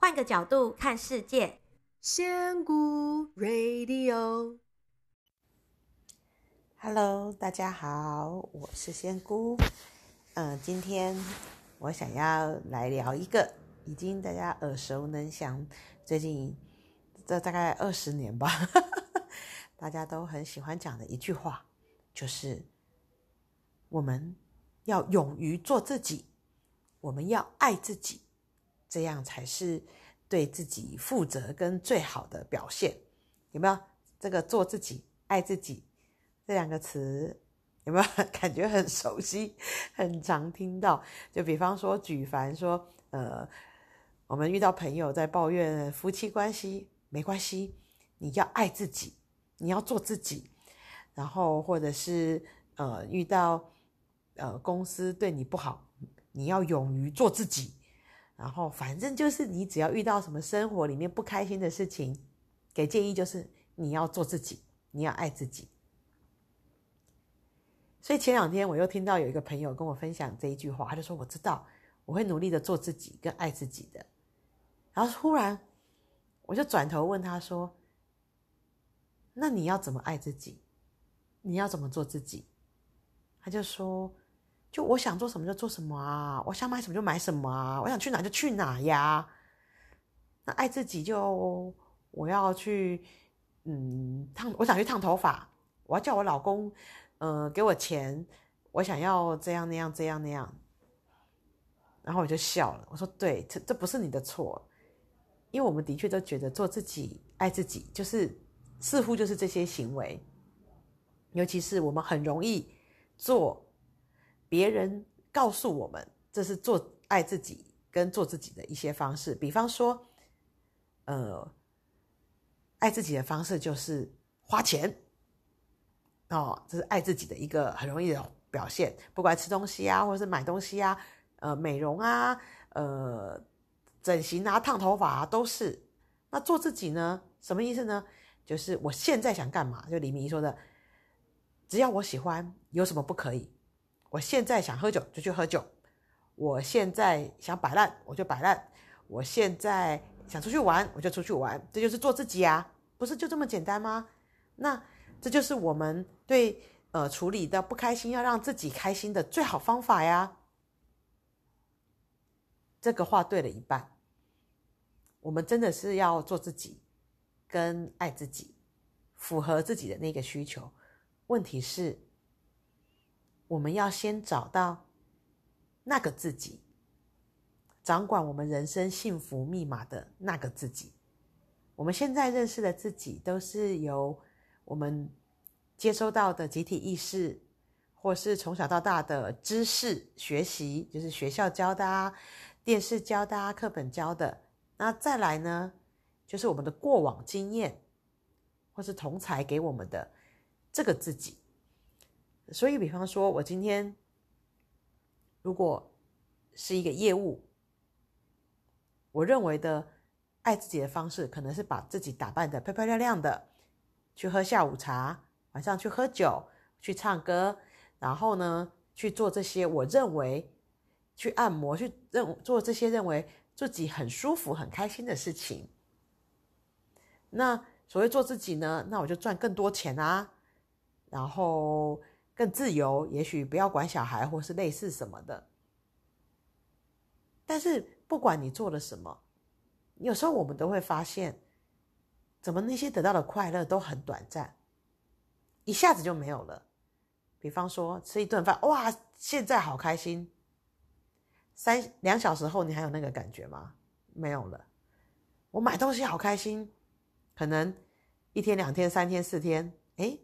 換個角度看世界，仙姑 Radio，Hello，大家好，我是仙姑。嗯、呃，今天我想要來聊一個已經大家耳熟能詳，最近這大概二十年吧呵呵，大家都很喜歡講的一句話，就是我們要勇於做自己，我們要愛自己。這樣才是對自己負責跟最好的表現，有沒有？這個做自己、愛自己這兩個詞，有沒有感覺很熟悉、很常聽到？就比方說舉凡說，呃，我們遇到朋友在抱怨夫妻關係，沒關係，你要愛自己，你要做自己，然後或者是，呃，遇到，呃，公司對你不好，你要勇於做自己。然後，反正就是你只要遇到什麼生活裡面不開心的事情，給建議就是你要做自己，你要愛自己。所以前兩天我又聽到有一個朋友跟我分享這一句話，他就說：“我知道，我會努力的做自己跟愛自己的。”然後忽然我就轉頭問他說：“那你要怎麼愛自己？你要怎麼做自己？”他就說，就我想做什麼就做什麼啊，我想買什麼就買什麼啊，我想去哪就去哪呀。那愛自己就我要去，嗯燙，我想去燙頭髮，我要叫我老公，嗯、呃、給我錢，我想要這樣那樣這樣那樣。然後我就笑了，我說對，這這不是你的錯，因為我們的確都覺得做自己、愛自己，就是似乎就是這些行為，尤其是我們很容易做。別人告訴我們，這是做愛自己跟做自己的一些方式。比方說，呃，愛自己的方式就是花錢哦，這是愛自己的一個很容易的表現。不管吃東西啊，或者是買東西啊，呃，美容啊，呃，整形啊，燙頭髮啊，都是。那做自己呢，什麼意思呢？就是我現在想幹嘛？就李明依說的，只要我喜歡，有什麼不可以？我現在想喝酒就去喝酒，我現在想擺爛我就擺爛，我現在想出去玩我就出去玩，這就是做自己啊，不是就這麼簡單嗎？那這就是我們對呃處理的不開心，要讓自己開心的最好方法呀。這個話對了一半，我們真的是要做自己，跟愛自己，符合自己的那個需求。問題是，我們要先找到那個自己，掌管我們人生幸福密碼的那個自己。我們現在認識的自己，都是由我們接收到的集體意識，或是從小到大的知識學習，就是學校教的啊，電視教的啊，課本教的。那再來呢，就是我們的過往經驗，或是同才給我們的這個自己。所以，比方說，我今天如果是一個業務，我認為的愛自己的方式，可能是把自己打扮得漂漂亮亮的，去喝下午茶，晚上去喝酒，去唱歌，然後呢，去做這些我認為去按摩，去做這些認為自己很舒服、很開心的事情。那所謂做自己呢，那我就賺更多錢啊，然後。更自由，也許不要管小孩，或是類似什麼的。但是不管你做了什麼，有時候我們都會發現，怎麼那些得到的快樂都很短暫，一下子就沒有了。比方說吃一頓飯，哇，現在好開心。三兩小時後你還有那個感覺嗎？沒有了。我買東西好開心，可能一天、兩天、三天、四天，誒，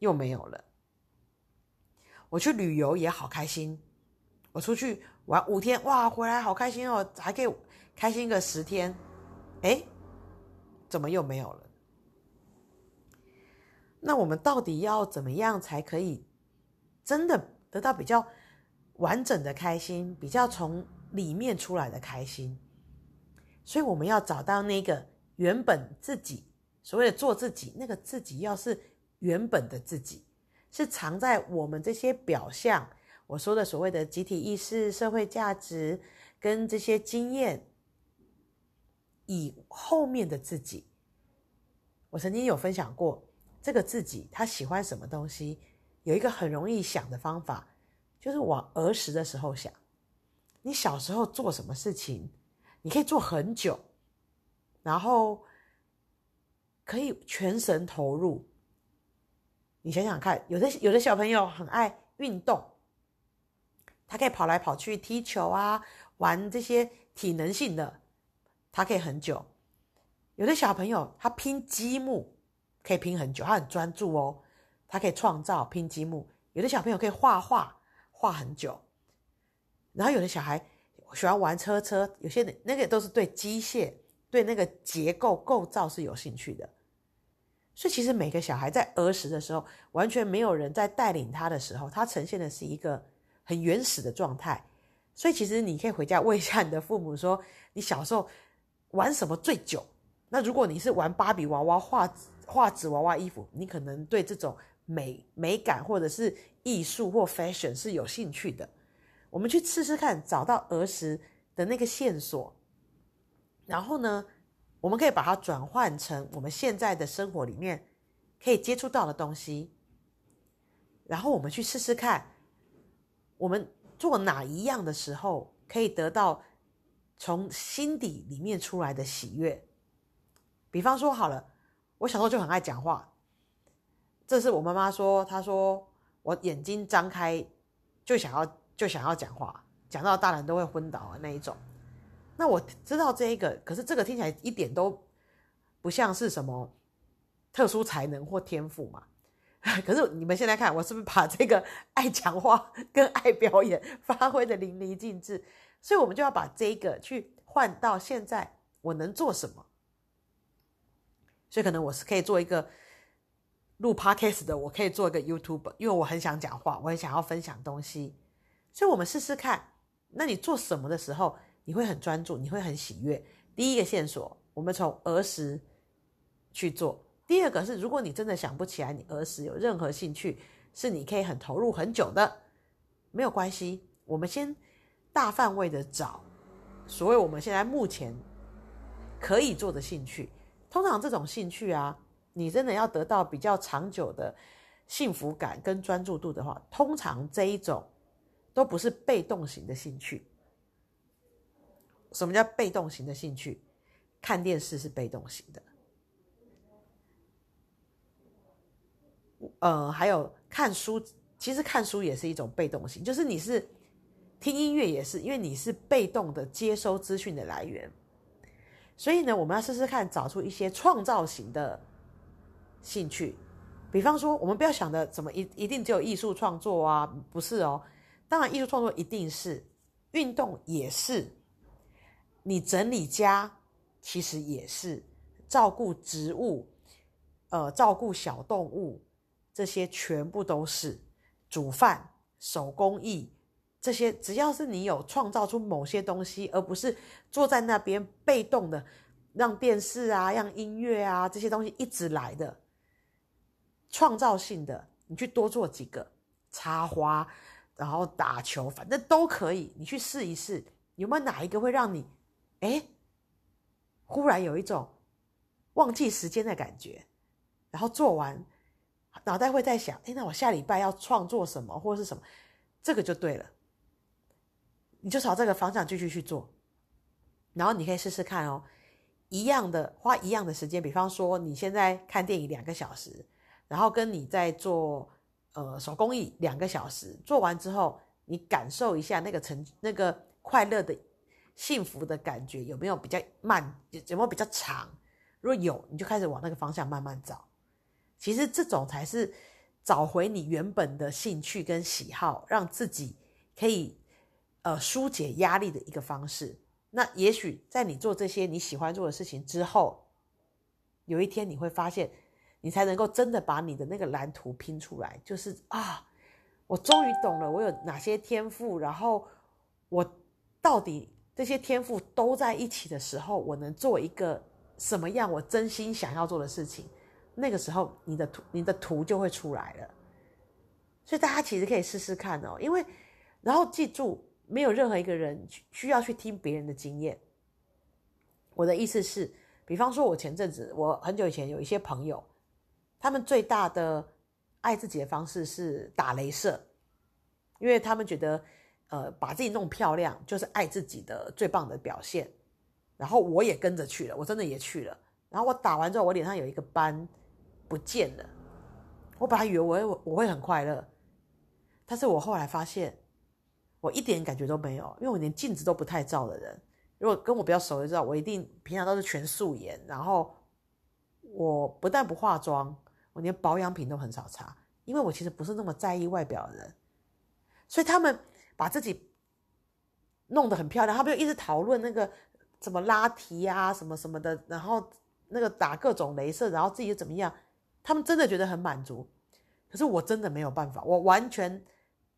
又沒有了。我去旅遊也好開心，我出去玩五天，哇，回來好開心哦，還可以開心個十天，誒、欸，怎麼又沒有了？那我們到底要怎麼樣才可以真的得到比較完整的開心，比較從裡面出來的開心？所以我們要找到那個原本自己，所謂的做自己，那個自己要是原本的自己。是藏在我們這些表象，我說的所謂的集體意識、社會價值，跟這些經驗，以後面的自己。我曾經有分享過，這個自己他喜歡什麼東西，有一個很容易想的方法，就是往兒時的時候想。你小時候做什麼事情，你可以做很久，然後可以全神投入。你想想看，有的有的小朋友很愛運動，他可以跑來跑去、踢球啊，玩這些體能性的，他可以很久。有的小朋友他拼積木，可以拼很久，他很專注哦，他可以創造拼積木。有的小朋友可以畫畫，畫很久。然後有的小孩喜歡玩車車，有些那個都是對機械、對那個結構構造是有興趣的。所以其實每個小孩在兒時的時候，完全沒有人在帶領他的時候，他呈現的是一個很原始的狀態。所以其實你可以回家問一下你的父母說，說你小時候玩什麼最久？那如果你是玩芭比娃娃、畫畫紙娃娃衣服，你可能對這種美美感或者是藝術或 fashion 是有興趣的。我們去試試看，找到兒時的那個線索，然後呢？我們可以把它轉換成我們現在的生活裡面可以接觸到的東西，然後我們去試試看，我們做哪一樣的時候可以得到從心底裡面出來的喜悅。比方說，好了，我小時候就很愛講話，這是我媽媽說，她說我眼睛張開就想要就想要講話，講到大人都會昏倒的那一種。那我知道這一個，可是這個聽起來一點都不像是什麼特殊才能或天賦嘛。可是你們現在看，我是不是把這個愛講話跟愛表演發揮得淋漓盡致？所以我們就要把這個去換到現在我能做什麼？所以可能我是可以做一個錄 Podcast 的，我可以做一個 YouTuber，因為我很想講話，我很想要分享東西。所以我們試試看，那你做什麼的時候？你會很專注，你會很喜悅。第一個線索，我們從兒時去做；第二個是，如果你真的想不起來，你兒時有任何興趣是你可以很投入很久的，沒有關係。我們先大範圍的找，所謂我們現在目前可以做的興趣。通常這種興趣啊，你真的要得到比較長久的幸福感跟專注度的話，通常這一種都不是被動型的興趣。什麼叫被動型的興趣？看電視是被動型的，呃，還有看書，其實看書也是一種被動型，就是你是聽音樂也是，因為你是被動的接收資訊的來源。所以呢，我們要試試看找出一些創造型的興趣，比方說，我們不要想着怎麼一一定只有藝術創作啊，不是哦，當然藝術創作一定是，運動也是。你整理家，其實也是照顧植物，呃，照顧小動物，這些全部都是煮飯、手工藝這些。只要是你有創造出某些東西，而不是坐在那邊被動的讓電視啊、讓音樂啊這些東西一直來的，創造性的，你去多做幾個插花，然後打球，反正都可以，你去試一試，有沒有哪一個會讓你。哎，忽然有一種忘記時間的感覺，然後做完，腦袋會在想：哎，那我下禮拜要創作什麼，或者是什麼？這個就對了，你就朝這個方向繼續去做。然後你可以試試看哦，一樣的，花一樣的時間，比方說你現在看電影兩個小時，然後跟你在做呃手工藝兩個小時，做完之後，你感受一下那個成那個快樂的。幸福的感覺有沒有比較慢？有，有沒有比較長？如果有，你就開始往那個方向慢慢找。其實這種才是找回你原本的興趣跟喜好，讓自己可以呃疏解壓力的一個方式。那也許在你做這些你喜歡做的事情之後，有一天你會發現，你才能夠真的把你的那個藍圖拼出來。就是啊，我終於懂了，我有哪些天賦，然後我到底。這些天賦都在一起的時候，我能做一個什麼樣？我真心想要做的事情，那個時候你的圖，你的圖就會出來了。所以大家其實可以試試看哦。因為，然後記住，沒有任何一個人需要去聽別人的經驗。我的意思是，比方說，我前陣子，我很久以前有一些朋友，他們最大的愛自己的方式是打雷射，因為他們覺得。呃，把自己弄漂亮就是愛自己的最棒的表現，然後我也跟着去了，我真的也去了。然後我打完之後，我臉上有一個斑，不見了。我本來以為我會我會很快樂，但是我後來發現我一點感覺都沒有，因為我連鏡子都不太照的人。如果跟我比較熟就知道，我一定平常都是全素顏，然後我不但不化妝，我連保養品都很少擦，因為我其實不是那麼在意外表的人，所以他們。把自己弄得很漂亮，他們就一直討論那個什麼拉提啊，什麼什麼的，然後那個打各種雷射，然後自己又怎麼樣，他們真的覺得很滿足。可是我真的沒有辦法，我完全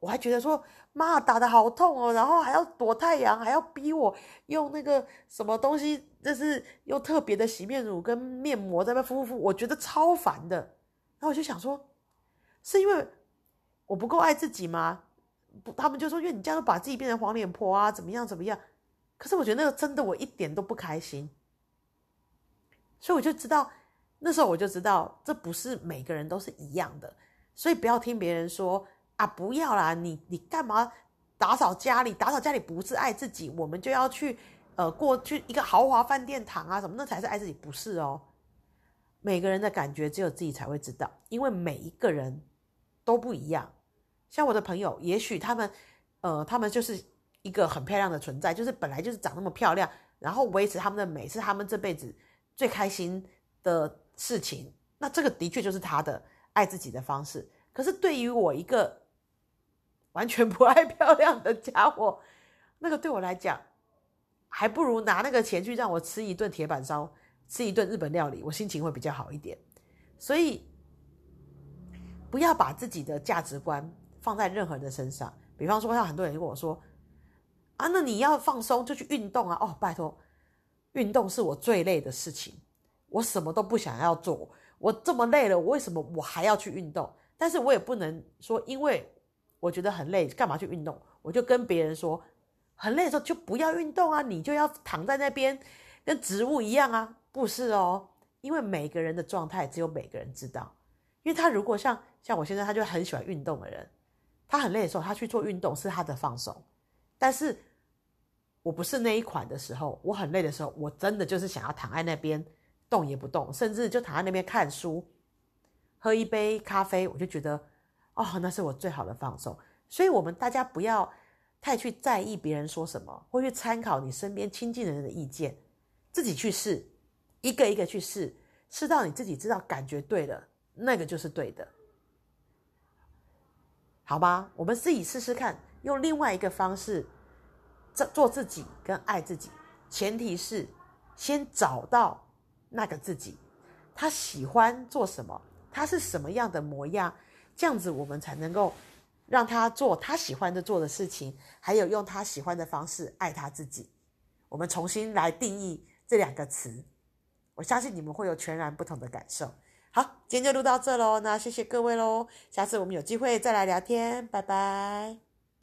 我還覺得說，媽打得好痛哦，然後還要躲太陽，還要逼我用那個什麼東西，就是用特別的洗面乳跟面膜在那敷敷，我覺得超煩的。然後我就想說，是因為我不夠愛自己嗎？不，他們就說：“因為你這樣把自己變成黃臉婆啊，怎麼樣怎麼樣？”可是我覺得那個真的我一點都不開心，所以我就知道，那時候我就知道，這不是每個人都是一樣的，所以不要聽別人說啊，不要啦，你你幹嘛打掃家裡？打掃家裡不是愛自己，我們就要去呃過去一個豪華飯店躺啊什麼，那才是愛自己，不是哦。每個人的感覺只有自己才會知道，因為每一個人都不一樣。像我的朋友，也許他們，呃，他們就是一個很漂亮的存在，就是本來就是長那麼漂亮，然後維持他們的美是他們這輩子最開心的事情。那這個的確就是他的愛自己的方式。可是對於我一個完全不愛漂亮的家伙，那個對我來講，還不如拿那個錢去讓我吃一頓鐵板燒，吃一頓日本料理，我心情會比較好一點。所以不要把自己的價值觀，放在任何人的身上，比方說，像很多人就跟我說：“啊，那你要放鬆就去運動啊！”哦，拜托，運動是我最累的事情，我什麼都不想要做，我這麼累了，我為什麼我還要去運動？但是我也不能說，因為我覺得很累，幹嘛去運動？我就跟別人說，很累的時候就不要運動啊，你就要躺在那邊跟植物一樣啊，不是哦，因為每個人的狀態只有每個人知道，因為他如果像像我現在，他就很喜歡運動的人。他很累的時候，他去做運動是他的放鬆。但是我不是那一款的時候，我很累的時候，我真的就是想要躺在那邊動也不動，甚至就躺在那邊看書，喝一杯咖啡，我就覺得，哦，那是我最好的放鬆。所以，我們大家不要太去在意別人說什麼，或去參考你身邊親近的人的意見，自己去試，一個一個去試，試到你自己知道感覺對了，那個就是對的。好吧，我們自己試試看，用另外一個方式這做自己跟愛自己，前提是先找到那個自己，他喜歡做什麼，他是什麼樣的模樣，這樣子我們才能夠讓他做他喜歡的做的事情，還有用他喜歡的方式愛他自己。我們重新來定義這兩個詞，我相信你們會有全然不同的感受。好，今天就錄到這嘍。那謝謝各位嘍，下次我們有機會再來聊天，拜拜。